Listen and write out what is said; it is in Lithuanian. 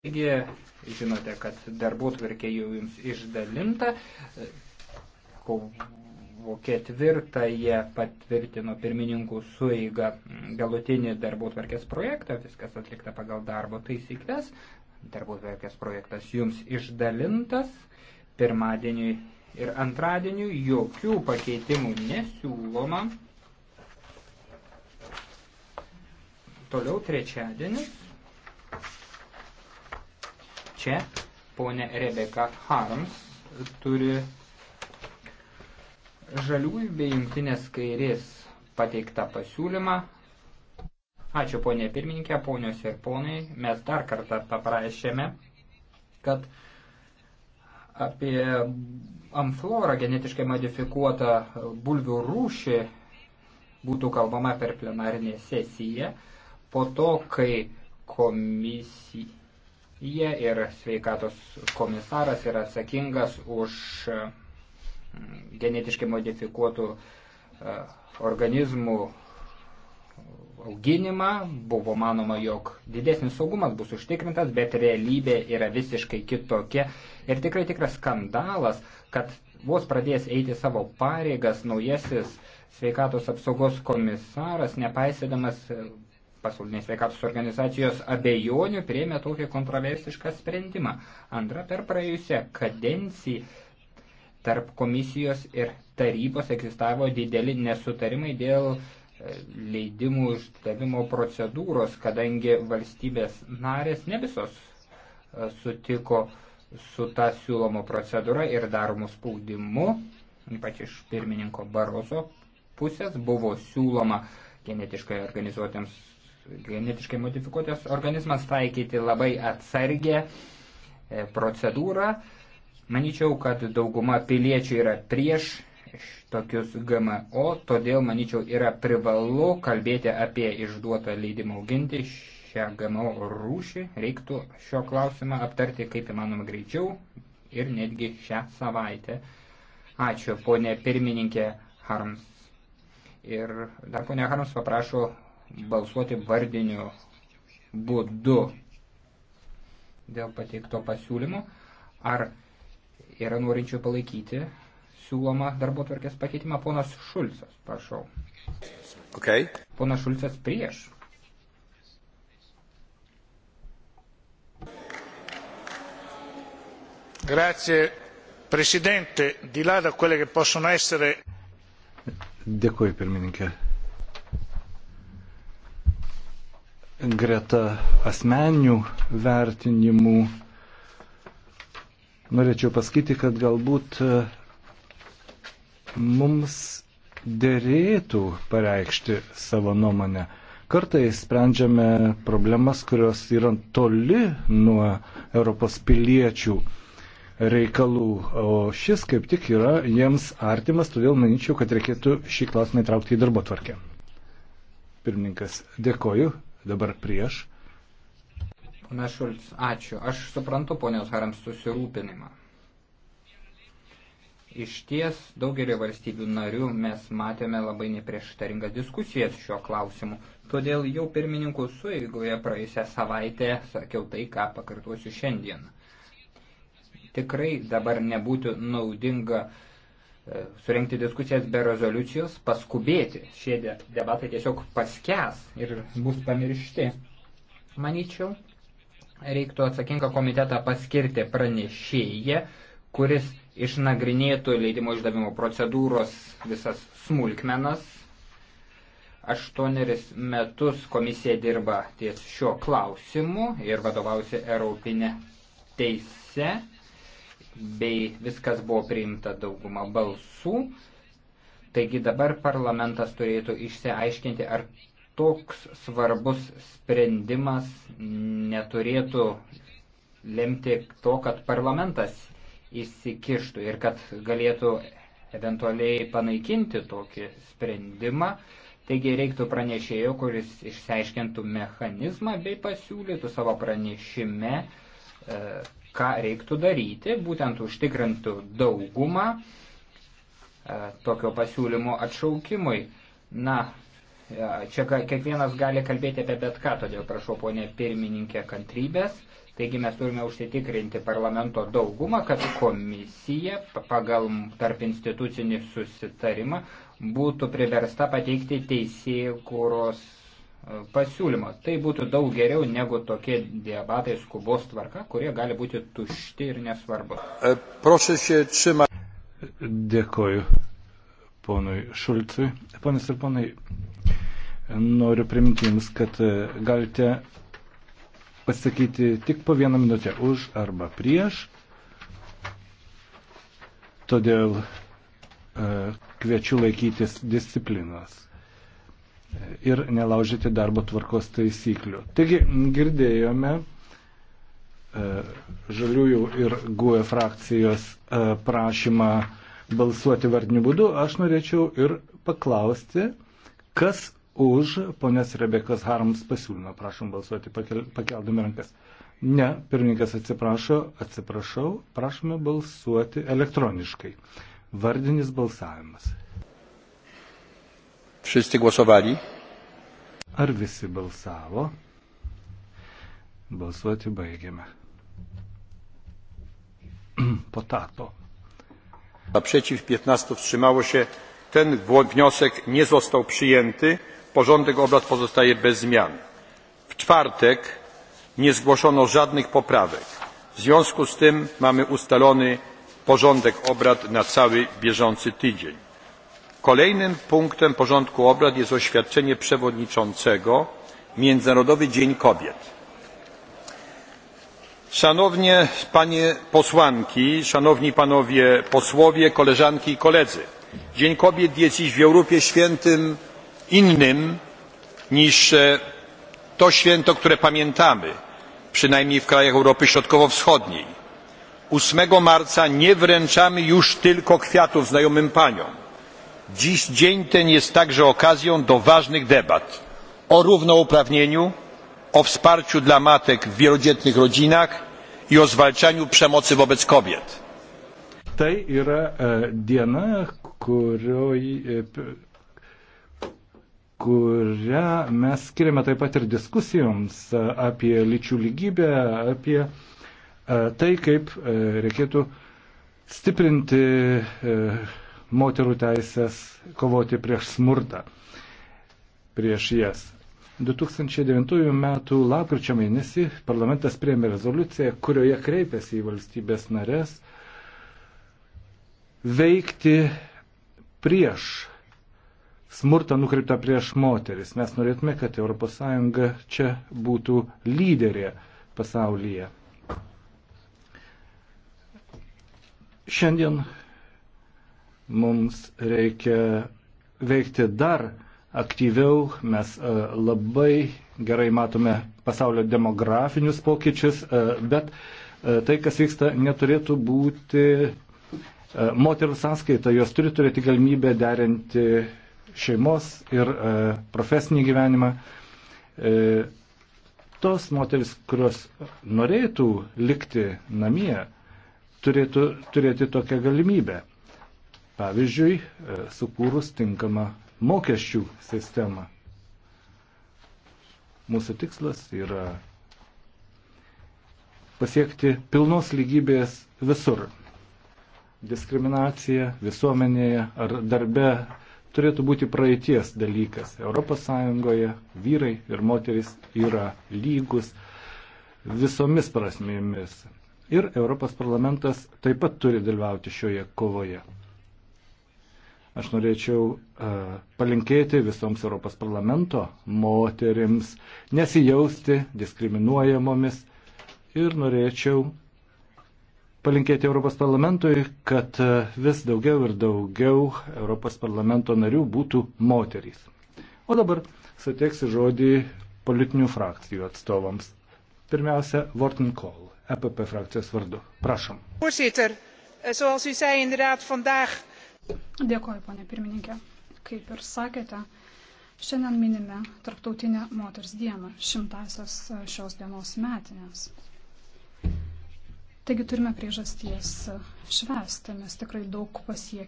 Taigi, žinote, kad darbų tvarkė jau jums išdalinta. Kovo ketvirtąją patvirtino pirmininkų suiga galutinį darbų tvarkės projektą, viskas atlikta pagal darbo taisyklės. Darbų tvarkės projektas jums išdalintas. Pirmadienį ir antradienį jokių pakeitimų nesiūloma. Toliau trečiadienis čia ponė Rebeka Harms turi žaliųjų bei jungtinės kairės pateiktą pasiūlymą. Ačiū ponė pirmininkė, ponios ir ponai, mes dar kartą paprašėme, kad apie amflorą genetiškai modifikuotą bulvių rūšį būtų kalbama per plenarinę sesiją, po to, kai komisija jie ir sveikatos komisaras yra atsakingas už mm, genetiškai modifikuotų e, organizmų auginimą. Buvo manoma, jog didesnis saugumas bus užtikrintas, bet realybė yra visiškai kitokia. Ir tikrai tikras skandalas, kad vos pradės eiti savo pareigas naujasis sveikatos apsaugos komisaras, nepaisydamas pasaulinės sveikatos organizacijos abejonių prieimė tokį kontroversišką sprendimą. Antra, per praėjusią kadenciją tarp komisijos ir tarybos egzistavo dideli nesutarimai dėl e, leidimų išdavimo procedūros, kadangi valstybės narės ne visos e, sutiko su ta siūloma procedūra ir daromu spaudimu, ypač iš pirmininko Barozo pusės, buvo siūloma genetiškai organizuotėms genetiškai modifikuotas organizmas taikyti labai atsargę e, procedūrą. Maničiau, kad dauguma piliečių yra prieš tokius GMO, todėl, manyčiau, yra privalu kalbėti apie išduotą leidimą auginti šią GMO rūšį. Reiktų šio klausimą aptarti kaip įmanoma greičiau ir netgi šią savaitę. Ačiū, ponė pirmininkė Harms. Ir dar ponė Harms paprašo balsuoti vardiniu būdu dėl pateikto pasiūlymo. Ar yra norinčių palaikyti siūlomą darbo tvarkės pakeitimą? Ponas Šulcas, prašau. Okay. Ponas Šulcas prieš. Grazie, Presidente. Di là da quelle che possono essere. Dėkui, pirmininkė. greta asmeninių vertinimų norėčiau pasakyti, kad galbūt e, mums dėrėtų pareikšti savo nuomonę. Kartais sprendžiame problemas, kurios yra toli nuo Europos piliečių reikalų, o šis kaip tik yra jiems artimas, todėl manyčiau, kad reikėtų šį klausimą įtraukti į darbo tvarkę. Pirmininkas, dėkoju dabar prieš. Pana Šulc, ačiū. Aš suprantu ponios Harams susirūpinimą. Iš ties daugelio valstybių narių mes matėme labai neprieštaringas diskusijas šiuo klausimu. Todėl jau pirmininkų sueigoje praėjusią savaitę sakiau tai, ką pakartosiu šiandien. Tikrai dabar nebūtų naudinga uh, surenkti diskusijas be rezoliucijos, paskubėti. Šie debatai tiesiog paskęs ir bus pamiršti. Manyčiau, reiktų atsakingą komitetą paskirti pranešėję, kuris išnagrinėtų leidimo išdavimo procedūros visas smulkmenas. Aštuoneris metus komisija dirba ties šiuo klausimu ir vadovausi Europinė teise bei viskas buvo priimta dauguma balsų. Taigi dabar parlamentas turėtų išsiaiškinti, ar toks svarbus sprendimas neturėtų lemti to, kad parlamentas įsikištų ir kad galėtų eventualiai panaikinti tokį sprendimą. Taigi reiktų pranešėjo, kuris išsiaiškintų mechanizmą bei pasiūlytų savo pranešime e, ką reiktų daryti, būtent užtikrintų daugumą e, tokio pasiūlymo atšaukimui. Na, e, čia kiekvienas gali kalbėti apie bet ką, todėl prašau ponė pirmininkė kantrybės. Taigi mes turime užsitikrinti parlamento daugumą, kad komisija pagal tarp institucinį susitarimą būtų priversta pateikti teisėjų kūros pasiūlymo. Tai būtų daug geriau negu tokie debatai skubos tvarka, kurie gali būti tušti ir nesvarbus. E, Dėkoju ponui Šulcui. Ponas ir ponai, noriu priminti Jums, kad e, galite pasakyti tik po vieną minutę už arba prieš. Todėl e, kviečiu laikytis disciplinos ir nelaužyti darbo tvarkos taisyklių. Taigi girdėjome e, žaliųjų ir GUE frakcijos e, prašymą balsuoti vardiniu būdu. Aš norėčiau ir paklausti, kas už ponės Rebekas Harms pasiūlymą. Prašom balsuoti pakeldami rankas. Ne, pirmininkas atsiprašo, atsiprašau, prašome balsuoti elektroniškai. Vardinis balsavimas. Wszyscy głosowali? Ar visi balsavo? Balsuoti baigiame. Potato. A przeciw 15 wstrzymało się. Ten wniosek nie został przyjęty. Porządek obrad pozostaje bez zmian. W czwartek nie zgłoszono żadnych poprawek. W związku z tym mamy ustalony porządek obrad na cały bieżący tydzień kolejnym punktem porządku obrad jest oświadczenie przewodniczącego międzynarodowy dzień kobiet. szanowne panie posłanki szanowni panowie posłowie koleżanki i koledzy! dzień kobiet jest dziś w europie świętem innym niż e, to święto które pamiętamy przynajmniej w krajach europy środkowo wschodniej. osiem marca nie wręczamy już tylko kwiatów znajomym paniom dziś dzień ten jest także okazją do ważnych debat o równouprawnieniu o wsparciu dla matek w wielodzietnych rodzinach i o zwalczaniu przemocy wobec kobiet. Tai yra e, diena, kurioj, e, kurią mes skiriame taip pat ir diskusijoms e, apie lyčių lygybę, apie tai, kaip reikėtų stiprinti moterų teisės kovoti prieš smurtą, prieš jas. 2009 m. lapkričio mėnesį parlamentas priėmė rezoliuciją, kurioje kreipėsi į valstybės narės veikti prieš smurtą nukreiptą prieš moteris. Mes norėtume, kad ES čia būtų lyderė pasaulyje. Šiandien Mums reikia veikti dar aktyviau, mes e, labai gerai matome pasaulio demografinius pokyčius, e, bet e, tai, kas vyksta, neturėtų būti moterų sąskaita, jos turi turėti galimybę derinti šeimos ir profesinį gyvenimą tos moteris, kurios norėtų likti namie, turėtų turėti tokią galimybę. Pavyzdžiui, e, sukūrus tinkamą mokesčių sistemą. Mūsų tikslas yra pasiekti pilnos lygybės visur. Diskriminacija visuomenėje ar darbe turėtų būti praeities dalykas. ES vyrai ir moteris yra lygus visomis prasmėmis. Ir Europos parlamentas taip pat turi dalyvauti šioje kovoje. Aš norėčiau e, palinkėti visoms Europos parlamento moterims nesijausti diskriminuojamomis ir norėčiau palinkėti Europos parlamentui, kad e, vis daugiau ir daugiau Europos parlamento narių būtų moterys. O dabar suteiksiu žodį politinių frakcijų atstovams. Pirmiausia, Vorten Kohl, EPP frakcijos vardu. Prašom. Voorzitter, eh, zoals u zei, inderdaad vandaag Dėkoju, ponė pirmininkė. Kaip ir sakėte, šiandien minime Tarptautinę moters dieną, šimtasias e, šios dienos metinės. Taigi turime priežasties e, švęsti, mes tikrai daug pasiekėme.